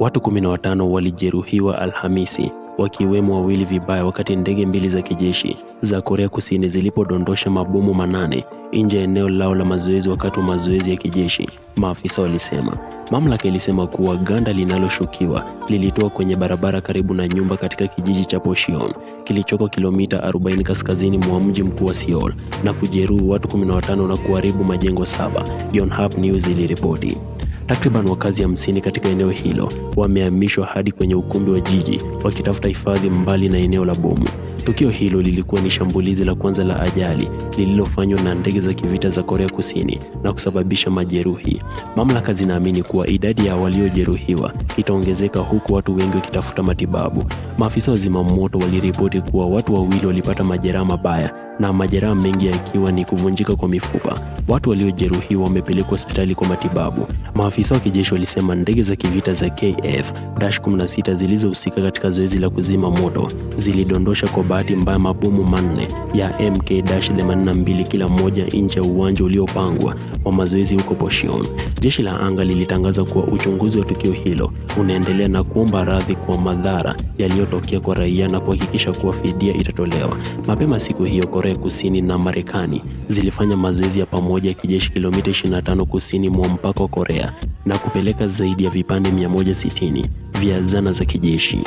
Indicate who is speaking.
Speaker 1: Watu 15 walijeruhiwa Alhamisi, wakiwemo wawili vibaya wakati ndege mbili za kijeshi za Korea Kusini zilipodondosha mabomu manane nje ya eneo lao la mazoezi wakati wa mazoezi ya kijeshi, maafisa walisema. Mamlaka ilisema kuwa ganda linaloshukiwa lilitoa kwenye barabara karibu na nyumba katika kijiji cha Pocheon kilichoko kilomita 40 kaskazini mwa mji mkuu wa Seoul na kujeruhi watu 15 na kuharibu majengo saba, Yonhap News iliripoti. Takriban wakazi hamsini katika eneo hilo wamehamishwa hadi kwenye ukumbi wa jiji wakitafuta hifadhi mbali na eneo la bomu. Tukio hilo lilikuwa ni shambulizi la kwanza la ajali lililofanywa na ndege za kivita za Korea Kusini na kusababisha majeruhi. Mamlaka zinaamini kuwa idadi ya waliojeruhiwa itaongezeka huku watu wengi wakitafuta matibabu. Maafisa wa zimamoto waliripoti kuwa watu wawili walipata majeraha mabaya na majeraha mengi yakiwa ni kuvunjika kwa mifupa. Watu waliojeruhiwa wamepelekwa hospitali kwa matibabu. Maafisa wa kijeshi walisema ndege za kivita za KF-16 zilizohusika katika zoezi la kuzima moto zilidondosha kwa bahati mbaya mabomu manne ya MK-82 kila moja nje ya uwanja uliopangwa wa mazoezi huko Boshion. Jeshi la anga lilitangaza kuwa uchunguzi wa tukio hilo unaendelea na kuomba radhi kwa madhara yaliyotokea kwa raia na kuhakikisha kuwa fidia itatolewa. Mapema siku hiyo Korea Kusini na Marekani zilifanya mazoezi ya pamoja ya kijeshi kilomita 25 kusini mwa mpaka wa Korea na kupeleka zaidi ya vipande 160 vya zana za kijeshi.